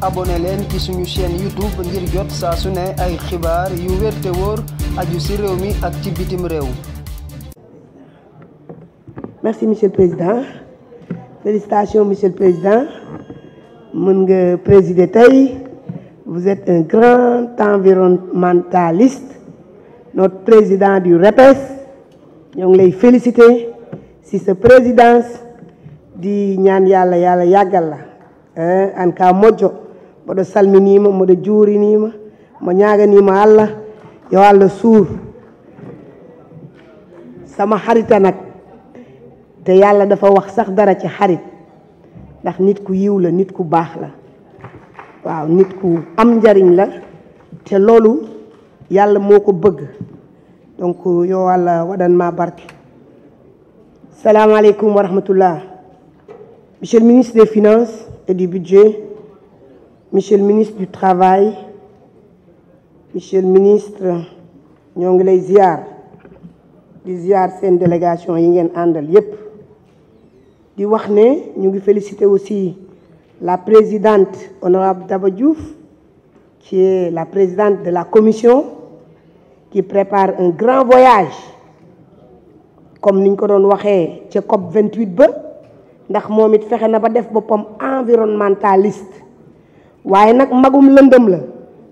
abonné leen ci suñu chaîne YouTube su ne ay xibaar yu wér te wóor aju ci ak ci bitim réew. merci monsieur le président félicitations monsieur le président mën nga présider tey vous êtes un grand environnementaliste notre président du REPES ñoo ngi lay féliciter si sa présidence di ñaan yàlla yàlla yàggal la en cas mojo nii salminima mboɗo juurinima mo ñaganima allah yo allah suur sama xarita nag te yàlla dafa wax sax dara ci xarit ndax nit ku yiw la nit ku baax la waaw nit ku am njariñ la te loolu yàlla moo ko bëgg donc yow wàlla wadan ma barke salaamaaleykum wa rahmatullah monsieur ministre des finances et du budget monsieur le ministre du travail monsieur le ministre ñoo ngi lay ziar di ziar seen délégation yi ngeen àndal yépp di wax ne ñu ngi féliciter aussi la présidente honorable Daba Diouf qui est la présidente de la commission qui prépare un grand voyage comme niñ ko doon waxee ca COP 28 ba ndax moom it fexe na ba def boppam environnementaliste waaye nag magum lëndëm la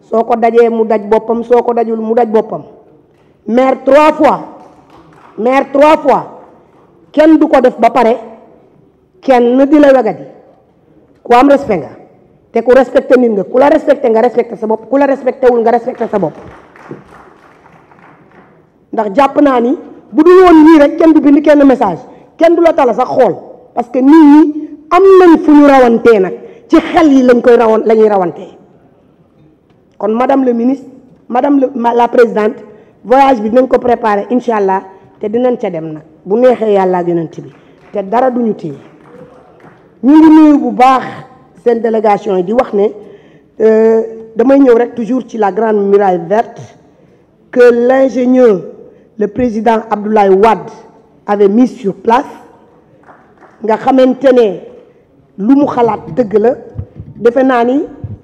soo ko dajee mu daj boppam soo ko dajul mu daj boppam maire trois fois maire trois fois kenn du ko def ba pare kenn di la wegati ku am respect nga te ku respecté nit nga ku la respecté nga respecté sa bopp ku la respecté wul nga respecté sa bopp ndax jàpp naa ni bu dul woon nii rek kenn du bind kenn message kenn du la tala sax xool parce que nit ñi am nañ fu ñu rawantee nag ci xel yi lañ koy rawoon la ñuy rawantee kon madame le ministre madame la présidente voyage bi dinañ ko préparer incha allah te dinañ ca dem nag bu neexee yàlla ak yonent bi te dara duñu téye ñu ngi nuyu bu baax seen délégation yi di wax ne euh, damay ñëw rek toujours ci la grande muraille verte que l'ingénieur le président Abdoulaye Wade avait mis sur place nga xamante ne lu mu xalaat dëgg la defe naa ni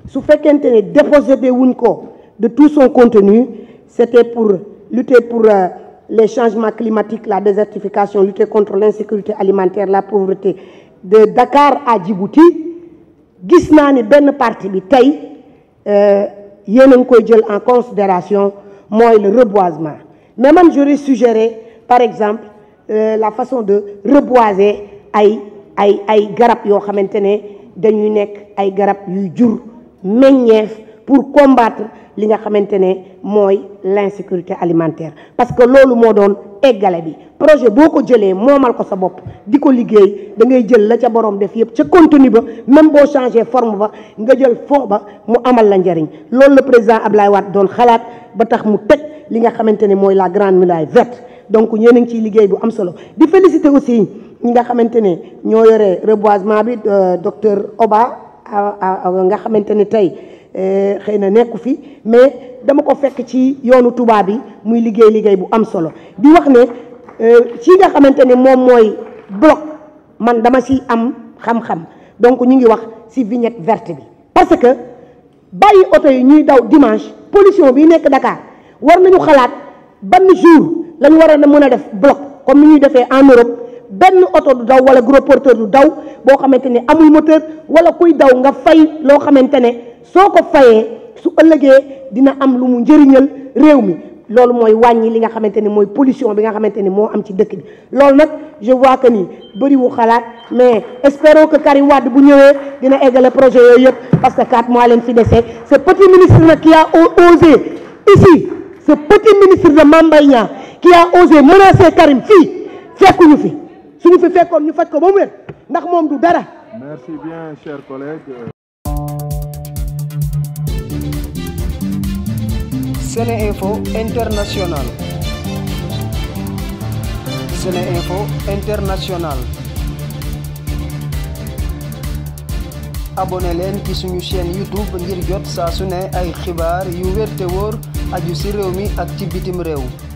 su fekkente ne dépossédé wuñ ko de tout son contenu c'était pour lutter pour euh, les changements climatique la désertification lutter contre l'insécurité alimentaire la pauvreté de Dakar à Djibouti gis naa ni benn parti bi tey euh, yéen a ngi koy jël en considération mooy le reboisement mais man j'aurais suggéré par exemple euh, la façon de reboiser ay ay ay garab yoo xamante ne dañuy nekk ay garab yuy jur meññeef pour combattre li nga xamante ne mooy l'insécurité alimentaire parce que loolu moo doon eggale bi projet boo ko jëlee moomal ko sa bopp di ko liggéey da ngay jël la ca borom def yëpp ca contenu ba même boo changé forme ba nga jël fond ba mu amal la njariñ loolu la président Ablaye Wade doon xalaat ba tax mu tëj li nga xamante ne mooy la grande muraille verte donc ñeneen ciy liggéey bu am solo di féliciter aussi ñi nga xamante ne ñoo yore reboisement bi euh, docteur Oba nga xamante ne tey euh, xëy na nekku fi mais dama ko fekk ci yoonu tubaab bi muy liggéey liggéey bu am solo di wax ne euh, ci nga xamante ne moom mooy bloc man dama si am xam-xam donc ñu ngi wax si vignette verte bi parce que bàyyi oto yi ñuy daw dimanche pollution bi nekk Dakar war nañu xalaat ban jour lañu war a mën a def bloc comme ni ñuy defee en Europe benn oto du daw wala gros porteur du daw boo xamante ne amul moteur wala kuy daw nga fay loo xamante ne soo ko fayee su ëllëgee dina am lu mu njëriñal réew mi loolu mooy wàññi li nga xamante ne mooy pollution bi nga xamante ne moo am ci dëkk bi loolu nag je vois que ni bëriwu xalaat mais espérons que Karim Wade bu ñëwee dina eggale projet yooyu yëpp parce que quatre mois leen fi desee ce petit ministre nag qui a osé ici ce petit ministre de Mame Mbaye Niang qui fi suñu fi fekkoon ñu faj ko ba mu wér ndax moom du dara. bien cher collègue. Sene Info International. Sene Info leen ci suñu chaîne YouTube ngir jot saa su ne ay xibaar yu wér te aju ci réew mi ak ci bitim réew.